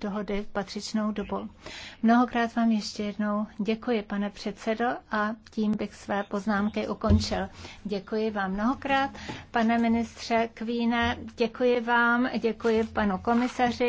dohody v patřičnou dobu. Mnohokrát vám ještě jednou děkuji, pane předsedo, a tím bych své poznámky ukončil. Děkuji vám mnohokrát, pane ministře Kvíne, děkuji vám, děkuji panu komisaři.